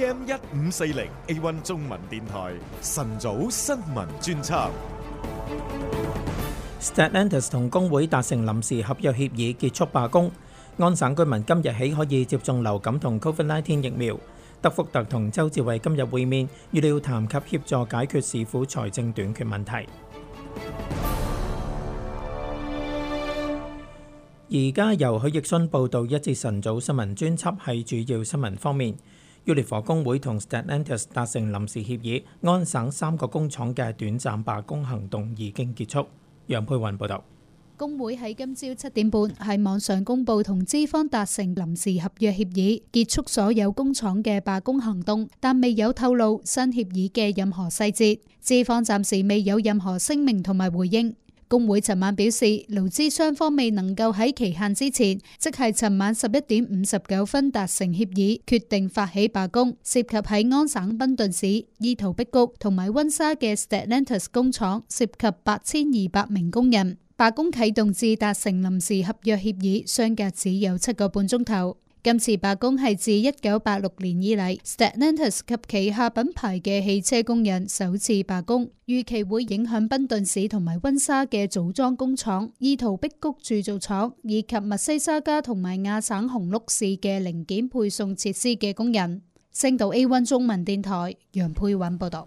AM 一五四零，A1 中文電台晨早新聞專輯。Stellantis 同工會達成臨時合約協議，結束罷工。安省居民今日起可以接種流感同 Covid-19 疫苗。德福特同周志偉今日會面，預料談及協助解決市府財政短缺問題。而家由許奕迅報道，一節晨早新聞專輯係主要新聞方面。Unifor 工會同 Stellantis 達成臨時協議，安省三個工廠嘅短暫罷工行動已經結束。楊佩雲報導。工會喺今朝七點半喺網上公佈同資方達成臨時合約協議，結束所有工廠嘅罷工行動，但未有透露新協議嘅任何細節。資方暫時未有任何聲明同埋回應。工會尋晚表示，勞資雙方未能夠喺期限之前，即係尋晚十一點五十九分達成協議，決定發起罷工，涉及喺安省賓頓市、伊圖碧谷同埋溫莎嘅 Stellantis 工廠，涉及八千二百名工人。罷工啟動至達成臨時合約協議，相隔只有七個半鐘頭。今次罷工係自1986年以嚟，Stellantis 及旗下品牌嘅汽車工人首次罷工，預期會影響賓頓市同埋溫莎嘅組裝工廠，怡陶碧谷鑄造廠以及密西沙加同埋亞省紅鹿市嘅零件配送設施嘅工人。星島 A1 中文電台，楊佩韻報道。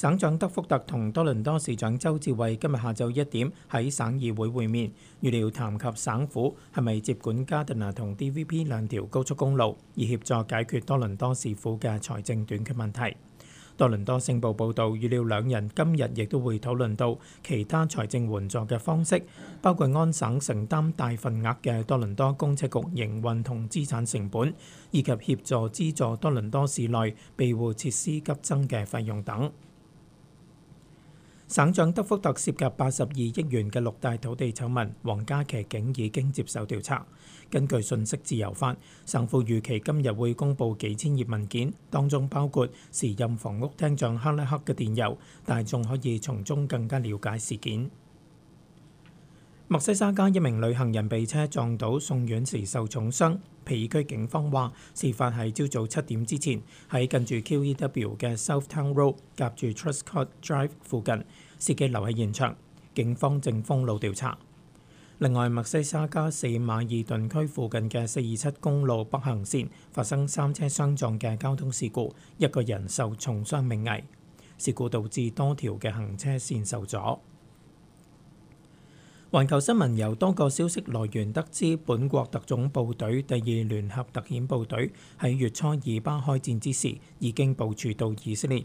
省長德福特同多倫多市長鄒至蕙今日下晝一點喺省議會會面，預料談及省府係咪接管加德納同 DVP 兩條高速公路，以協助解決多倫多市府嘅財政短缺問題。多倫多星報報導預料兩人今日亦都會討論到其他財政援助嘅方式，包括安省承擔大份額嘅多倫多公車局營運同資產成本，以及協助資助多倫多市內庇護設施急增嘅費用等。省長德福特涉及八十二億元嘅六大土地醜聞，皇家騎警已經接受調查。根據信息自由法，省府預期今日會公布幾千頁文件，當中包括時任房屋廳長克拉克嘅電郵，大眾可以從中更加了解事件。墨西沙加一名旅行人被車撞到，送院時受重傷。皮爾區警方話，事發係朝早七點之前，喺近住 QEW 嘅 Southtown Road 夾住 Truscott Drive 附近，司機留喺現場，警方正封路調查。另外，墨西沙加四馬爾頓區附近嘅四二七公路北行線發生三車相撞嘅交通事故，一個人受重傷命危。事故導致多條嘅行車線受阻。環球新聞由多個消息來源得知，本國特種部隊第二聯合特遣部隊喺月初以巴開戰之時已經部署到以色列。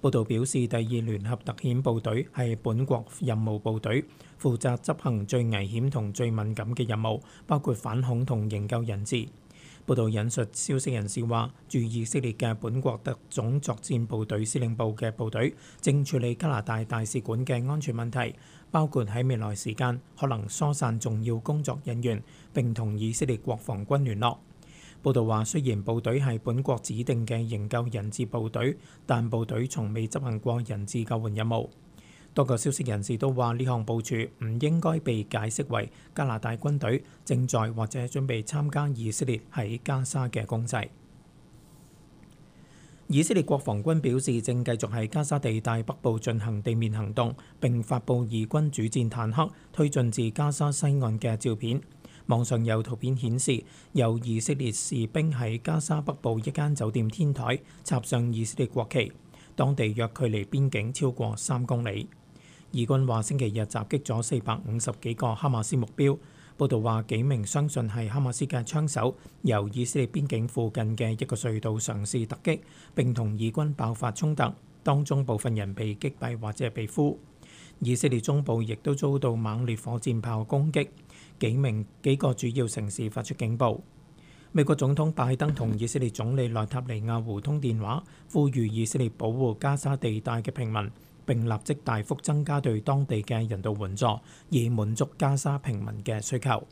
報道表示，第二聯合特遣部隊係本國任務部隊，負責執行最危險同最敏感嘅任務，包括反恐同營救人質。報道引述消息人士話，駐以色列嘅本國特種作戰部隊司令部嘅部隊正處理加拿大大使館嘅安全問題。包括喺未來時間可能疏散重要工作人員，並同以色列國防軍聯絡。報道話，雖然部隊係本國指定嘅營救人質部隊，但部隊從未執行過人質救援任務。多個消息人士都話，呢項部署唔應該被解釋為加拿大軍隊正在或者準備參加以色列喺加沙嘅攻勢。以色列國防軍表示，正繼續喺加沙地帶北部進行地面行動，並發布以軍主戰坦克推進至加沙西岸嘅照片。網上有圖片顯示，有以色列士兵喺加沙北部一間酒店天台插上以色列國旗，當地約距離邊境超過三公里。以軍話：星期日襲擊咗四百五十幾個哈馬斯目標。報道話，幾名相信係哈馬斯嘅槍手，由以色列邊境附近嘅一個隧道嘗試突擊，並同以軍爆發衝突，當中部分人被擊斃或者被俘。以色列中部亦都遭到猛烈火箭炮攻擊，幾名幾個主要城市發出警報。美國總統拜登同以色列總理內塔尼亞胡通電話，呼籲以色列保護加沙地帶嘅平民。並立即大幅增加對當地嘅人道援助，以滿足加沙平民嘅需求。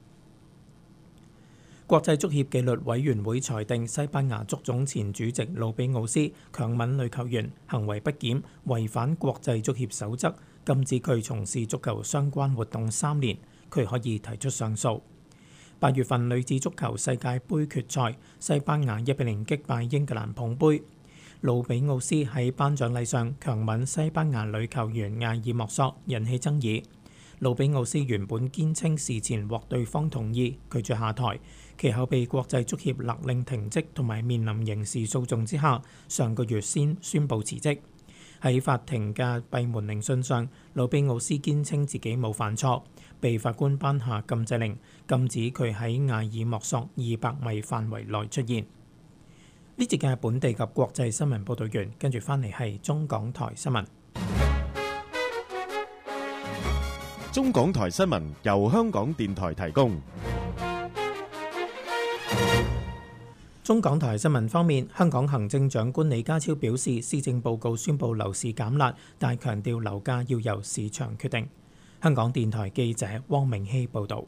國際足協紀律委員會裁定西班牙足總前主席魯比奧斯強吻女球員，行為不檢，違反國際足協守則，禁止佢從事足球相關活動三年。佢可以提出上訴。八月份女子足球世界盃決賽，西班牙一比零擊敗英格蘭捧杯。魯比奧斯喺頒獎禮上強吻西班牙女球員艾爾莫索，引起爭議。魯比奧斯原本堅稱事前獲對方同意，拒絕下台。其後被國際足協勒令停職同埋面臨刑事訴訟之下，上個月先宣布辭職。喺法庭嘅閉門聆訊上，魯比奧斯堅稱自己冇犯錯，被法官頒下禁制令，禁止佢喺艾爾莫索二百米範圍內出現。呢節嘅本地及國際新聞報道完，跟住翻嚟係中港台新聞。中港台新聞由香港電台提供。中港台新聞方面，香港行政長官李家超表示，施政報告宣布樓市減辣，但強調樓價要由市場決定。香港電台記者汪明熙報道。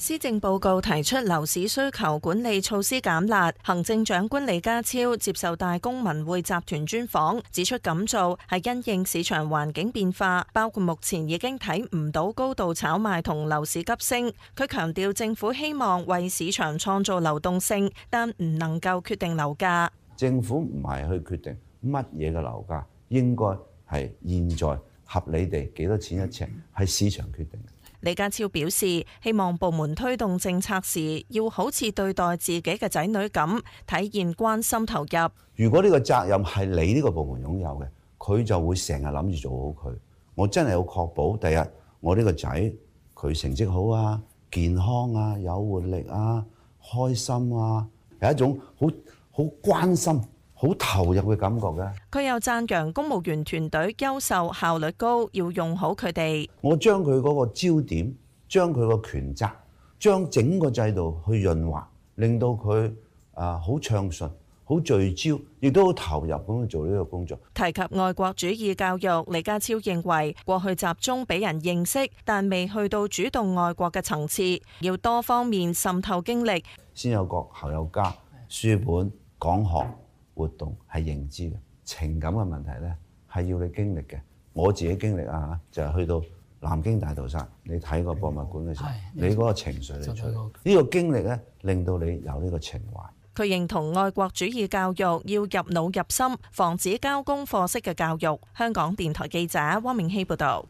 施政報告提出樓市需求管理措施減辣。行政長官李家超接受大公文匯集團專訪，指出咁做係因應市場環境變化，包括目前已經睇唔到高度炒賣同樓市急升。佢強調政府希望為市場創造流動性，但唔能夠決定樓價。政府唔係去決定乜嘢嘅樓價，應該係現在合理地幾多錢一尺，係市場決定。李家超表示，希望部門推動政策時，要好似對待自己嘅仔女咁，體現關心投入。如果呢個責任係你呢個部門擁有嘅，佢就會成日諗住做好佢。我真係要確保，第日我呢個仔佢成績好啊，健康啊，有活力啊，開心啊，有一種好好關心。好投入嘅感覺嘅。佢又讚揚公務員團隊優秀、效率高，要用好佢哋。我將佢嗰個焦點、將佢個權責、將整個制度去潤滑，令到佢啊好暢順、好聚焦，亦都好投入咁去做呢個工作。提及愛國主義教育，李家超認為過去集中俾人認識，但未去到主動愛國嘅層次，要多方面滲透經歷，先有國後有家，書本講學。活動係認知嘅、情感嘅問題呢，係要你經歷嘅。我自己經歷啊，就係、是、去到南京大屠殺，你睇個博物館嘅時候，的你嗰個情緒嚟出嚟。呢的個經歷呢，令到你有呢個情懷。佢認同愛國主義教育要入腦入心，防止交功課式嘅教育。香港電台記者汪明希報導。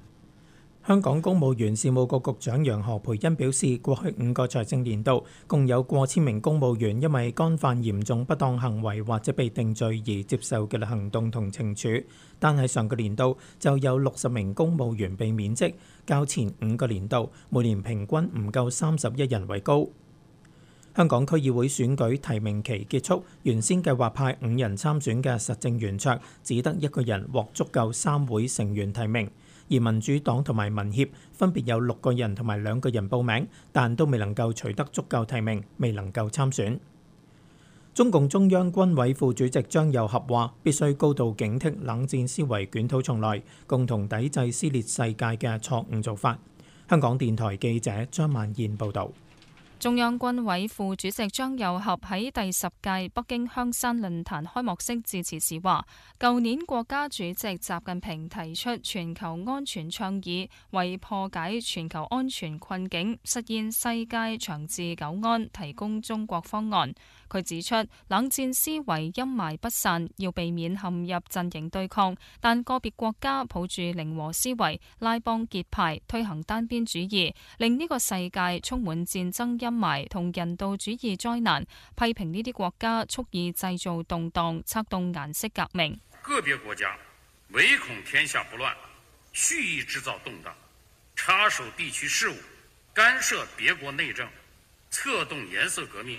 香港公務員事務局局長楊何蓓茵表示，過去五個財政年度，共有過千名公務員因為干犯嚴重不當行為或者被定罪而接受嘅行動同懲處，但係上個年度就有六十名公務員被免職，較前五個年度每年平均唔夠三十一人為高。香港區議會選舉提名期結束，原先計劃派五人參選嘅實政圓桌只得一個人獲足夠三會成員提名。而民主黨同埋民協分別有六個人同埋兩個人報名，但都未能夠取得足夠提名，未能夠參選。中共中央軍委副主席張又俠話：必須高度警惕冷戰思維捲土重來，共同抵制撕裂世界嘅錯誤做法。香港電台記者張曼燕報導。中央軍委副主席張又俠喺第十屆北京香山論壇開幕式致辭時話：舊年國家主席習近平提出全球安全倡議，為破解全球安全困境，實現世界長治久安，提供中國方案。佢指出，冷戰思維陰霾不散，要避免陷入陣營對抗，但個別國家抱住零和思維，拉幫結派，推行單邊主義，令呢個世界充滿戰爭陰霾同人道主義災難。批評呢啲國家蓄意製造動盪，策動顏色革命。個別國家唯恐天下不亂，蓄意製造動盪，插手地區事務，干涉別國內政，策動顏色革命。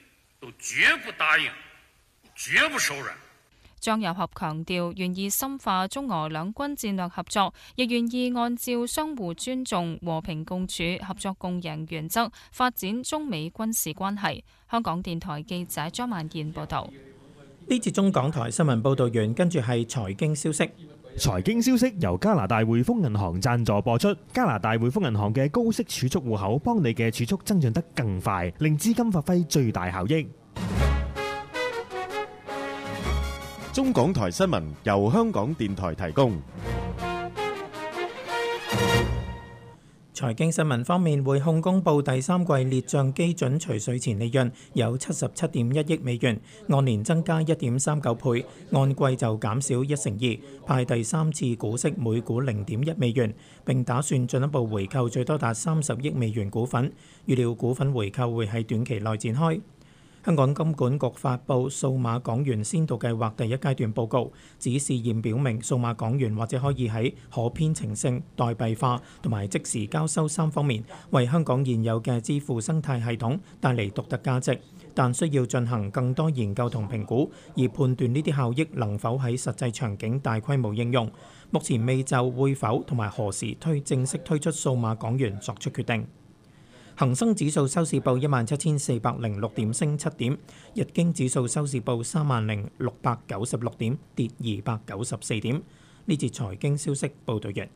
都絕不答應，絕不手軟。張又俠強調，願意深化中俄兩軍戰略合作，亦願意按照相互尊重、和平共處、合作共贏原則發展中美軍事關係。香港電台記者張萬健報道。呢次中港台新聞報道完，跟住係財經消息。財經消息由加拿大匯豐銀行贊助播出。加拿大匯豐銀行嘅高息儲蓄戶口，幫你嘅儲蓄增長得更快，令資金發揮最大效益。中港台新聞由香港電台提供。財經新聞方面，匯控公布第三季列帳基準除稅前利潤有七十七點一億美元，按年增加一點三九倍，按季就減少一成二。派第三次股息每股零點一美元，並打算進一步回購最多達三十億美元股份。預料股份回購會喺短期內展開。香港金管局發布數碼港元先導計劃第一階段報告，指試驗表明數碼港元或者可以喺可編程性、代幣化同埋即時交收三方面，為香港現有嘅支付生態系統帶嚟獨特價值，但需要進行更多研究同評估，而判斷呢啲效益能否喺實際場景大規模應用。目前未就會否同埋何時推正式推出數碼港元作出決定。恒生指數收市報一萬七千四百零六點，升七點；日經指數收市報三萬零六百九十六點，跌二百九十四點。呢節財經消息報道完。